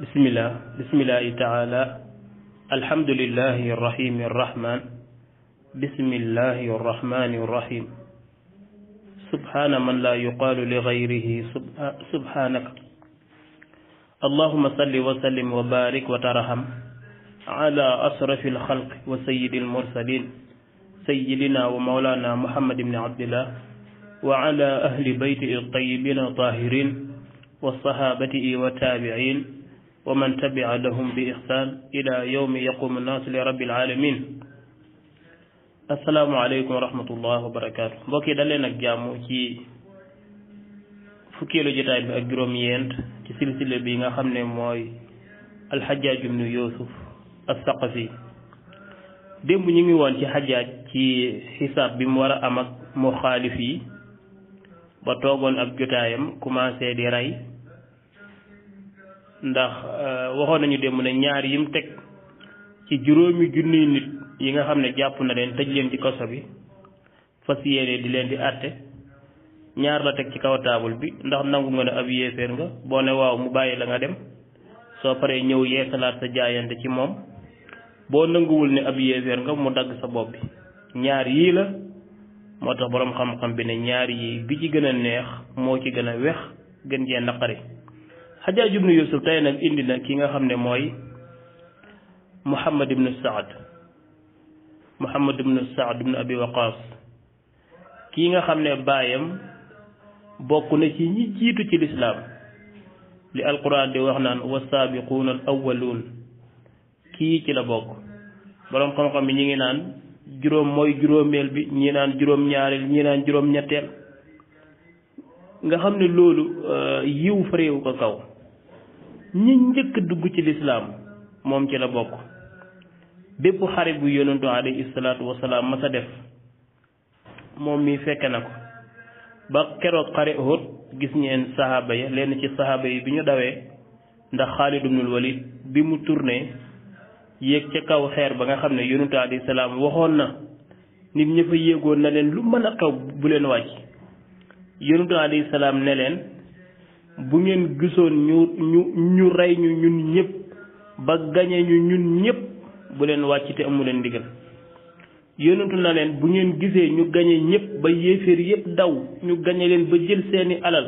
bismillah bismillahi taala alhamdulillahi arrahimi arrahman bismillahi arrahmani arrahim subhana man la yuqalu li gayrihi subhanaka allahuma salli wa sallim wa barik wa tarham ala asrafi alxalqi wa sayidi almursalin sayidina wa maulana muhammad ibni abdillah wa ala ahli bayti altayibin altahirin wa sahabatihi wa tabiin wa man tabia lahum bi ixsan ila yowmi yaqumu naasu li rabbil alamin asalaamualeykum wa rahmatullah wa barakaatu mbokk yi daleen ak jàmm ci fukkeelu jotaay bi ak juróom yent ci silsile bi nga xam ne mooy alxajaaj ibnu yuusuf assaqafi démb ñu ngi woon ci xajaaj ci xisaab bi mu war a am ak muxaalif yi ba toogoon ak jotaayam commencé di rey ndax euh, waxoon nañu démb ne ñaar yim teg ci juróomi junniy nit yi nga xam ne jàpp na leen tëj leen ci kaso bi fas yéene di leen di àtte ñaar la teg ci kaw taabul bi ndax nangu nga ne ab yéeféer nga boo ne waaw mu bàyyi la nga dem soo paree ñëw yeesalaat sa jaayante ci moom boo nanguwul ne ab yéeféer nga mu dagg sa bopp bi ñaar yii la moo tax boroom xam-xam bi ne ñaar yii bi ci gën a neex moo ci gën a wex gën cee naqari Xajaaj ibnu Yuusuf tey nag indi na ki nga xam ne mooy Muhammad ibnu Saad Muhammad ibnu Saad ibnu Abi Waqaas nga xam ne baayam bokk na ci ñi jiitu ci lislaam li alquran di wax naan wasaabiquuna al awwaluun kii ci la bokk boroom xam-xam bi ñi ngi naan juróom mooy juróomeel bi ñi naan juróom ñaareel ñi naan juróom ñetteel nga xam ne loolu uh, yiw fa ko kaw ñi njëkk dugg ci lislaam moom ci la bokk bépp xare bu yonentu alayhi salaatu wasalaam masa def moom mi fekke na ko ba keroog xare Uhud gis ñeen sahaaba ya lenn ci sahaaba yi bi ñu dawee ndax Xaalid ibnul Walid bi mu tourné yéeg ca kaw xeer ba nga xam ne yonentu alayhi salaam waxoon na nit ñi fa yéegoon na leen lu mën a xew bu leen wàcc yonentu alayhi salaam ne leen bu ngeen gisoon ñu ñu ñu rey ñu ñun ñëpp ba gañe ñu ñun ñëpp bu leen wàcc te amu leen ndigal yonentu na leen bu ngeen gisee ñu gañe ñëpp ba yéeféer yëpp daw ñu gañe leen ba jël seeni alal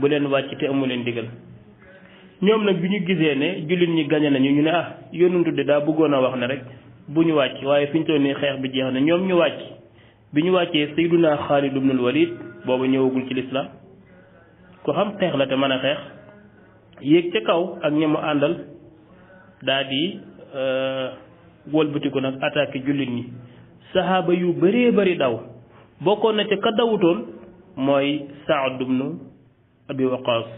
bu leen wàcc te amu leen ndigal ñoom nag bi ñu gisee ne jullit ñi gañe nañu ñu ne ah yonentu de daa bëggoon a wax ne rek bu ñu wàcc waaye fi ñu toll nii xeex bi jeex na ñoom ñu wàcc bi ñu wàccee naa sayduna xaalid ibnul walid boobu ñëwagul ci lislaam ko xam xeex la te mën a xeex yéeg ca kaw ak ñi mu àndal daa di euh, wëlbatiku nag attaqué jullit ñi saxaaba yu bëree bëri daw bokkoon na ca ka dawutoon mooy Saad ibnu Abi Waqaas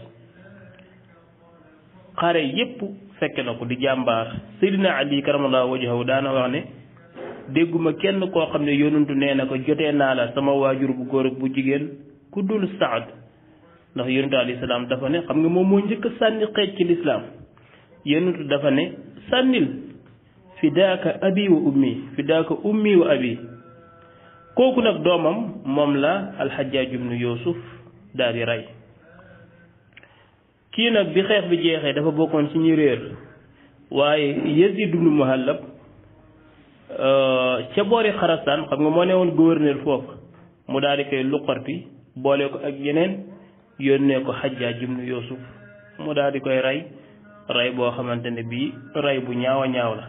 xare yépp fekke na ko di jàmbaar Seydina Ali karamallahu wajhahu daana wax ne dégguma kenn koo xam ne yonantu nee na ko jotee naa la sama waajur bu góor bu jigéen ku dul Saad ndax yonentu alayhi salaam dafa ne xam nga moom moo njëkk sànni xeej ci lislaam yonentu dafa ne sànnil fi daaka abi wa ummi fi ummi wa abi kooku nag doomam moom la alxajaaj ibnu yuusuf daal di rey kii nag bi xeex bi jeexee dafa bokkoon ci ñu réer waaye Yazid ibnu Muhallab euh, ca boori xarasaan xam nga moo ne woon gouverneur foofu mu daal di koy luqarti boole ko ak yeneen yónnee ko Xajjaaj ibnu Yuusuf mu daal di koy rey rey boo xamante ne bii rey bu ñaaw a ñaaw la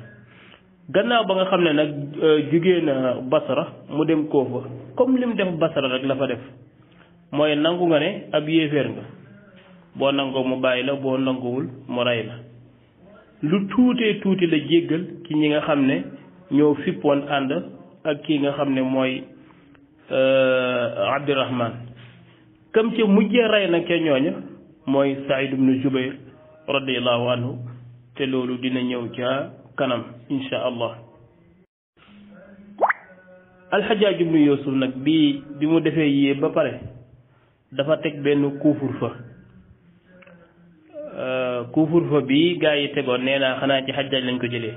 gannaaw ba nga xam ne nag euh, jigéena na Basra mu dem Koofa comme li mu def Basra rek la fa def mooy nangu nga ne ab yéeféer nga boo nangoo mu bàyyi la boo nanguwul mu rey la lu tuutee tuuti la jéggal ki ñi nga xam ne ñoo fippoon ànd ak kii nga xam ne mooy euh, Abdurahman cam ca mujje rey nag ca ñooña mooy Saïd nu Jubayr radiallahu anhu te loolu dina ñëw ca kanam insha allah alxajaaj ibnu yuusuf nag bi bi mu defee yée ba pare dafa teg benn kuufur fa euh, kuufur fa bi gaa yi tegoon nee naa xanaa ci xajaaj lañ ko jëlee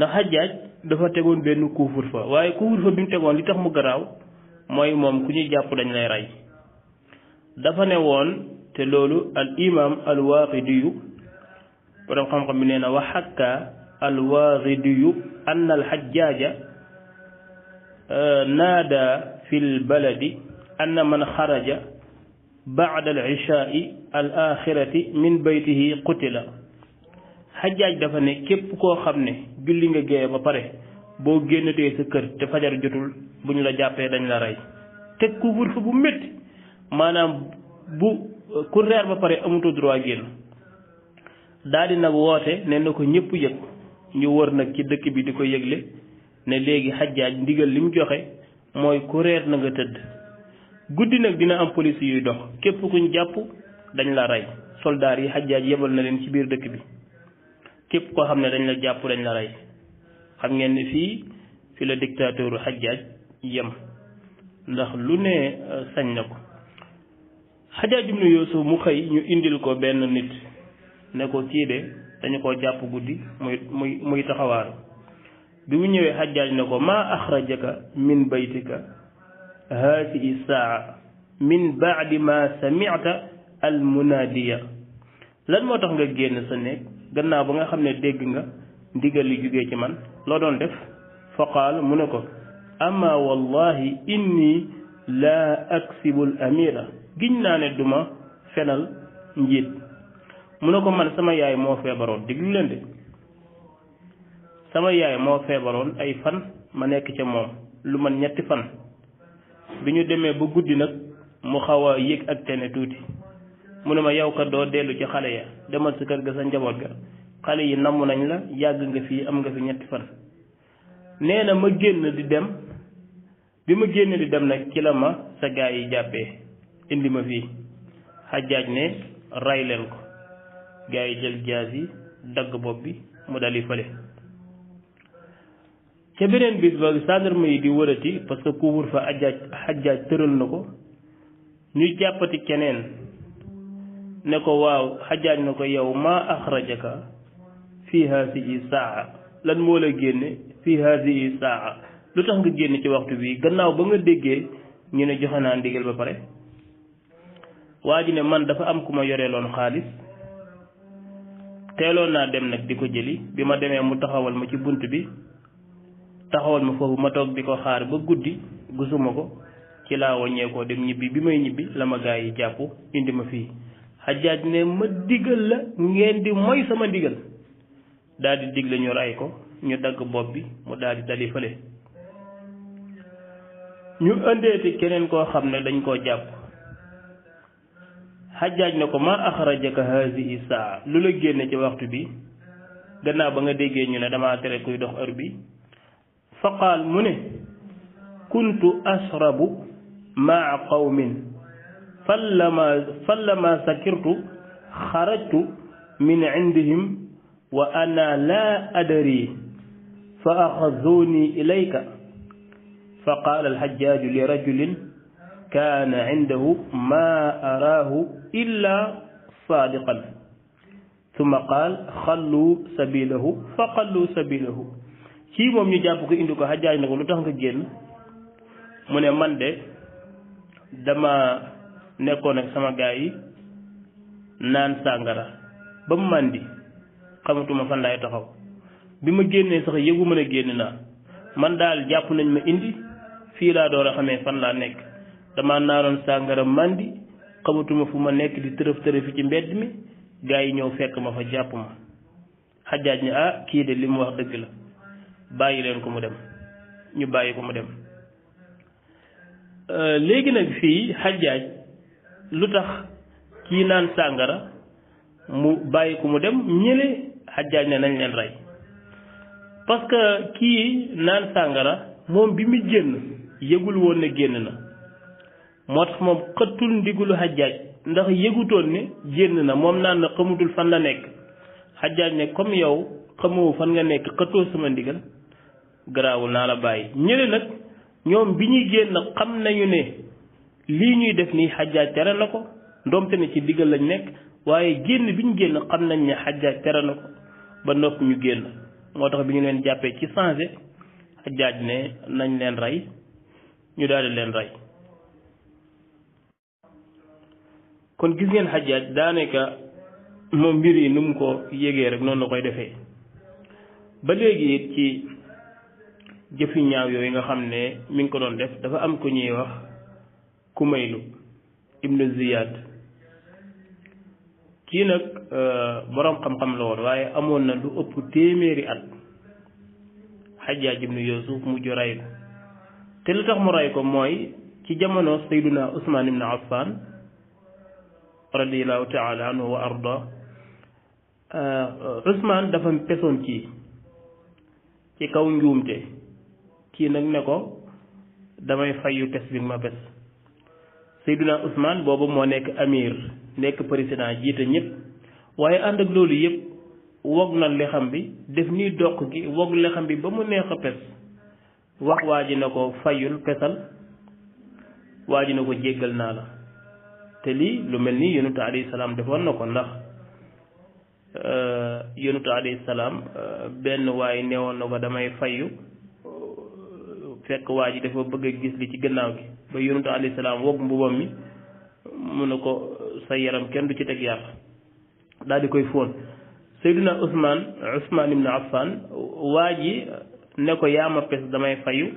ndax xajaaj dafa tegoon benn kuufur fa waaye kuufur fa bi mu tegoon li tax mu garaaw mooy moom ku ñuy jàpp dañ lay ray dafa ne woon te loolu al imam al waaqidiyu borom xam-xam bi nee na wax xakka al waaqidiyu an al xajjaaja euh, naada fi l baladi anna man xaraja baada al ishaai al axirati min baytihi qutila xajjaaj dafa ne képp koo xam ne julli nga géeye ba pare boo génnatee sa kër te fajar jotul bu ñu la jàppee dañ la rey teg ku wër fa bu métti maanaam bu ku reer ba pare amutu droit génn daal nag woote nee na ko ñëpp yëg ñu wër nag ci dëkk bi di ko yëgle ne léegi xajjaaj ndigal li mu joxe mooy ku reer na nga tëdd guddi nag dina am police yuy dox képp kuñ jàpp dañ la rey soldaar yi xajjaaj yebal na leen ci biir dëkk bi képp koo xam ne dañ la jàpp dañ la rey xam ngeen ne fii fi la dictateur xajjaaj yem ndax lu ne euh, sañ na ko xajaaj ibnu yuusuf mu xëy ñu indil ko benn nit ne ko kii de dañu ko jàpp guddi muy muy muy taxawaaru bi mu ñëwee xajaaj ne ko maa axrajaka min baytika haadihi saa min baadi ma samicta al lan moo tax nga génn sa néeg gannaaw ba nga xam ne dégg nga ndigal li jógee ci man loo doon def fa qaal mu ne ko ama wallahi inni laa aksibu al giñ naa ne duma fenal njiit mu ne ko man sama yaay moo feebaroon déglu leen de sama yaay moo feebaroon ay fan ma nekk ca moom lu man ñetti fan bi ñu demee ba guddi nag mu xaw a yéeg ak tene tuuti mu ne ma yow ko doo dellu ci xale ya demal sa kër ga sa njaboot ga xale yi namm nañ la yàgg nga fii am nga fi ñetti fan nee na ma génn di dem bi ma génn di dem nag ci la ma sa gaa yi jàppee indi ma fii xajaaj ne ray leen ko gaa yi jël jaas yi dagg bopp bi mu dal yi fële ca beneen bis ba gendarme yi di wërati parce que couvre-feu xajaaj xajaaj tëral na ko ñu jàppati keneen ne ko waaw xajaaj na ko yow maa axrajaka fii haasihi saa lan moo la génne fii haasihi saa lu tax nga génn ci waxtu wi gannaaw ba nga déggee ñu ne joxe naa ndigal ba pare waa ji ne man dafa am ku ma yore loon xaalis teeloon naa dem nag di ko jëli bi ma demee mu taxawal ma ci bunt bi taxawal ma foofu ma toog di ko xaar ba guddi gisuma ko ci laa waññeekoo dem ñibbi bi may ñibbi la ma gaa yi jàpp indi ma fii xajaaj ne ma digal la ngeen di moy sama digal daldi di digle ñu ray ko ñu dagg bopp bi mu daal di dali ñu ëndeeti keneen koo xam ne dañ koo jàpp xajjaaj na ko ma axrajaka haadihi saa lu la génne ci waxtu bi gannaaw ba nga déggee ñu ne damaa tere kuy dox heure bi fa qaal mu ne kuntu ashrabu maa qawmin fallama fallama sakirtu xarajtu min indihim wa ana laa adari fa axazuuni ilayka fa qaala alxajjaaju li rajulin kaana indahu maa araahu illa saadiqan summa qaal xallu sabilahu fa xallu sabilahu kii moom ñu jàpp ko indi ko xajaaj na ko lu tax nga génn mu ne man de dama nekkoon ak sama gaa yi naan sàngara ba mu màndi xamatuma fan laay taxaw bi ma génnee sax yëgu mën a génn naa man daal jàpp nañ ma indi fii laa door a xamee fan laa nekk dama naanoon sàngara màndi xamatuma fu ma nekk di tërëf tërëfi ci mbedd mi gaa yi ñëw fekk ma fa jàpp ma xajaaj ni ah kii de li mu wax dëgg la bàyyi leen ko mu dem ñu bàyyi ko mu dem euh, léegi nag fii xajaaj lu tax kii naan sàngara mu bàyyi ko mu dem ñële xajaaj ne nañ leen rey parce que kii naan sàngara moom bi muy génn yëgul woon ne génn na moo tax moom xëttul ndigulu xajjaaj ndax yëgutoon ne génn na moom naan na xamutul fan la nekk xajjaaj ne comme yow xamoo fan nga nekk xëttoo sama ndigal garaawul naa la bàyyi ñële nag ñoom bi ñuy génn xam nañu ne lii ñuy def nii xajjaaj tere na ko ndoomte ne ci diggal lañ nekk waaye génn bi ñu génn xam nañ ne xajjaaj tere na ko ba nopp ñu génn moo tax bi ñu leen jàppee ci changé xajjaaj ne nañ leen rey ñu daal leen rey kon gis ngeen xajaaj daanaka moom mbir yi nu mu ko yégee rek noonu la koy defee ba léegi it ci jëfi ñaaw yooyu nga xam ne mi ngi ko doon def dafa am ku ñuy wax ku kumaylu ibnu ziyaad kii nag euh, boroom xam-xam la woon waaye amoon na lu ëpp téeméeri at xajaaj ibnu yuusuf mujj ray ko te lu tax mu ray ko mooy ci jamono sayduna usmaan ibnu affan radiallahu taala anhu wa arda Ousmane euh, dafa pesoon kii ci kaw njuumte kii nag ne ko damay fayu pes bi ma pes Seyduna Ousmane boobu moo nekk amir nekk président jiite ñëpp waaye ànd ak loolu yëpp wog na lexam bi def nii doq gi wog lexam bi ba mu neex a pes wax waa ji na ko fayul pesal waa ji na ko jéggal naa la te lii lu mel nii yonentu alayhi salaam defoon na ko ndax euh, yonentu alayhi salaam euh, benn waaye neewoon na ko damay fayu fekk waa ji dafa bëgg a gis li ci gannaaw gi ba yonentu alayhi salaam wokk mbubam mi mu ne ko sa yaram kenn du ci teg yàq daal di koy fóon Seydina Ousmane Ousmane Ibn Affan waa ji ne ko yaa pes damay fayu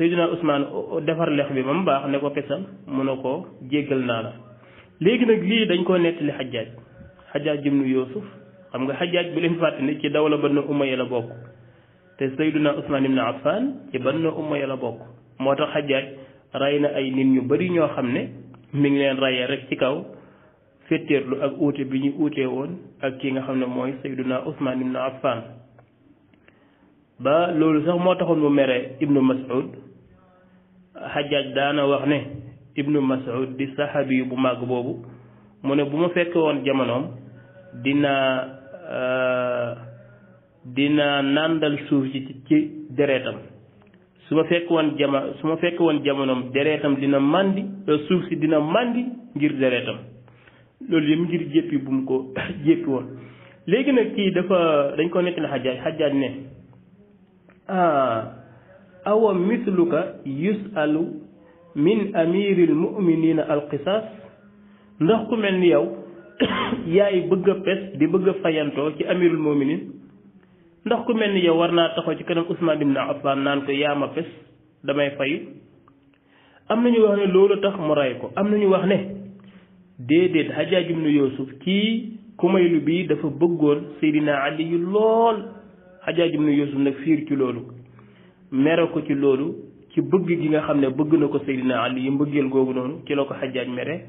Seydina Ousmane defar lex bi ba mu baax ne ko xisal mu ne ko jéggal naa la léegi nag yii dañ koo nettali xajaaj xajaaj ibnu Yuusuf xam nga xajaaj bi leen fàtte ni ci dawla Banu Umayya la bokk te Seydina Ousmane ibnu Affan ci Banu la bokk moo tax xajaaj rey na ay nit ñu bari ñoo xam ne mi ngi leen rayee rek ci kaw féttéerlu ak uute bi ñu uutee woon ak ki nga xam ne mooy Seydina Ousmane ibnu Affan ba loolu sax moo taxoon mu mere ibnu Mas'ud xajaaj daana wax ne ibnu mas'ud di saxaabi bu màgg boobu mu ne bu ma fekke woon jamonoom dinaa euh, dinaa nàndal suuf ci ci dereetam su ma fekk woon jama su woon jamonoom dereetam dina màndi euh, suuf si dina màndi ngir dereetam loolu yëpp ngir jéppi bu mu ko jéppi woon léegi nag kii dafa dañ ko nettali xajaaj xajaaj ne ah awa misluka yusalu min amiril muminina al qisaas ndax ku mel ni yow yaay bëgg a di bëgg a fayantoo ci amirul muminin ndax ku mel ni yow war naa taxaw ci kanam Ousmane ibn Affan naan ko yaa ma damay fayu am na ñu wax ne loolu tax mu rey ko am na ñu wax ne déedéet Hajjaaj ibn Yuusuf kii kumaylu bii dafa bëggoon Seydina Ali yu lool Hajjaaj ibn Yuusuf nag fiir ci loolu mere ko ci loolu ci bëgg gi nga xam ne bëgg na ko Seydina Ali yi mbëggeel googu noonu ci la ko xajaaj mere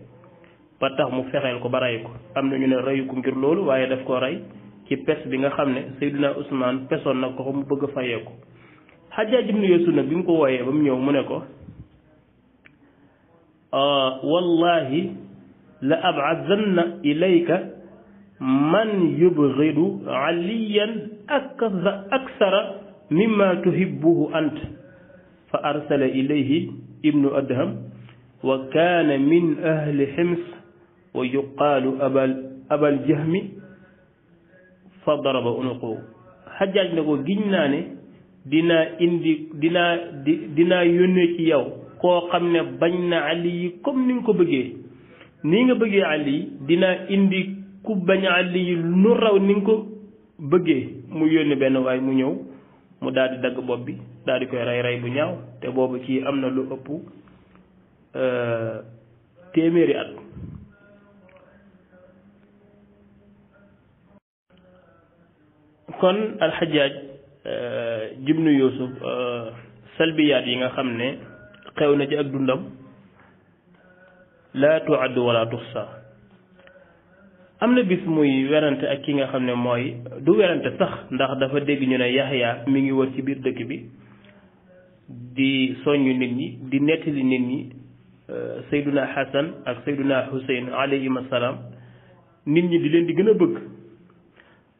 ba tax mu fexeel ko ba rey ko am na ñu ne reyu ko ngir loolu waaye daf koo rey ci pes bi nga xam ne Seydina Ousmane pesoon nag ko mu bëgg a fayee ko xajaaj ibnu Yuusuf nag bi mu ko wooyee ba mu ñëw mu ne ko ah, wallahi la ab'adanna ilayka man yubghidu aliyan akthara mimma tuhibbuhu anta fa arsala ilayhi ibnu adham wa kaana min ahli hims wa yuqaalu abal abal jahmi fa daraba unuqu xajaaj na ko giñ naa ne dina indi dinaa di yónnee ci yow koo xam ne bañ na ali yi comme ni nga ko bëggee nii nga bëggee ali yi dinaa indi ku bañ ali yi lu raw ni nga ko bëggee mu yónni benn waay mu ñëw mu daal di dagg bopp bi daal koy rey rey bu ñaaw te boobu kii am na lu ëpp euh, téeméeri at kon alxajaaj jibnu euh, yuusuf euh, salbiyaat yi nga xam ne xew na ci ak dundam laa tuaddu wala tuxsa am na bis muy werante ak ki nga xam ne mooy du werante sax ndax dafa dégg ñu ne yaxya mi ngi wër ci biir dëkk bi di soññu nit ñi di nettali nit ñi euh, sayduna hasan ak sayduna husayn alayhim assalaam nit ñi di leen di gën a bëgg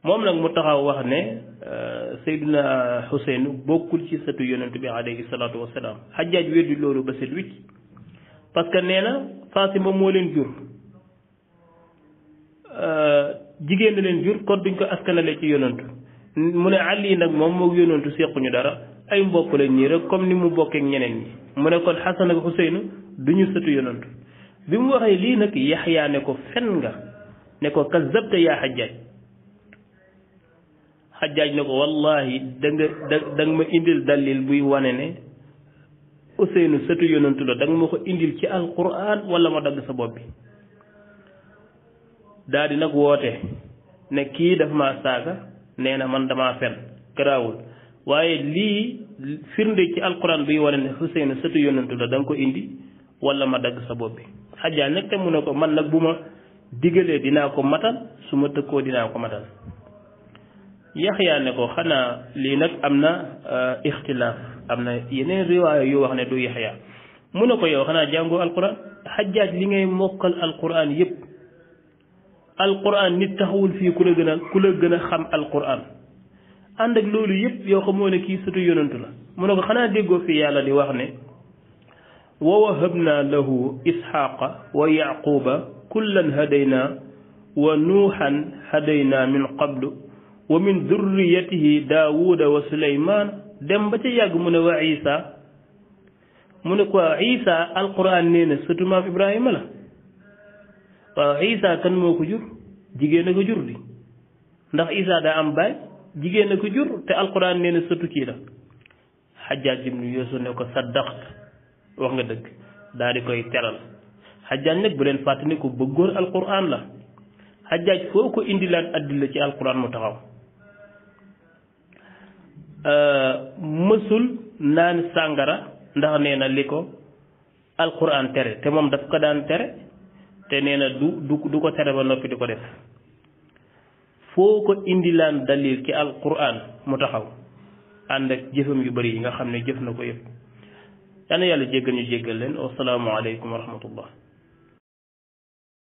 moom nag mu taxaw wax ne euh, sayduna husayn bokkul ci sëtu yonent bi alayhi salaatu wassalaam xajaaj weddi loolu ba set wicc parce que nee na Fatima moo leen jur jigéen na leen jur kon duñ ko askanale ci yonantu mu ne àll yi nag moom moog yonantu sequñu dara ay mbokk lañ nii rek comme ni mu bokkeek ñeneen ñi mu ne ko Xasan ak Xuseynu du ñu sëtu yonantu bi mu waxee lii nag Yaxya ne ko fen nga ne ko kazabta yaa xajjaaj xajjaaj ne ko wallahi da nga da da nga ma indil dalil buy wane ne Xuseynu sëtu yonantu la da nga ma ko indil ci alquran wala ma dagg sa bopp bi daa di nag woote ne kii daf maa saaga nee na man damaa fen garaawul waaye lii firnde ci alquran biy wane ne Xuseynu sëtu yonentu la da ko indi wala ma dagg sa bopp bi xajaa nag te mu ne ko man nag bu ma digalee dinaa ko matal su ma tëkkoo dinaa ko matal yaxyaa ne ko xanaa lii nag am na euh, ixtilaaf am na yeneen riwaaya yu wax ne du yaxyaa mu ne ko yow xanaa jàngoo alquran xajaaj li ngay mokkal alquran yépp alquran nit taxawul fii ku gën a ku la gën a xam alquran ànd ak loolu yëpp yoo xamoo ne kii sutu yonantu la mu ne xanaa déggoo fi yàlla di wax ne wa wahabna lahu isxaaqa wa yaquba kullan hadayna wa nuuxan hadayna min qablu wa min durriyatihi daawuda wa suleymaan dem ba ca yàgg mu ne waa isa mu ko isa alquran nee na sutu maam ibrahima la waaw Isa kan moo ko jur jigéen a ko jur di ndax Isa daa am baay jigéen a ko jur te alquran nee na sëtu kii la xajaaj ibnu Yuusuf ne ko saddaqt wax nga dëgg daal di koy teral xajaaj nag bu leen fàttali ko bëggoon alquran la xajaaj foo ko indilaat addila ci alquran mu taxaw mësul naan sàngara ndax nee na li ko alquran tere te moom daf ko daan tere te nee na du du du ko tere ba noppi di ko def foo ko indilaan dalil ci alquran mu taxaw ànd ak jëfam yu bari yi nga xam ne jëf na ko yëpp dana yàlla jéggal ñu jéggal leen wasalaamu aleykum wa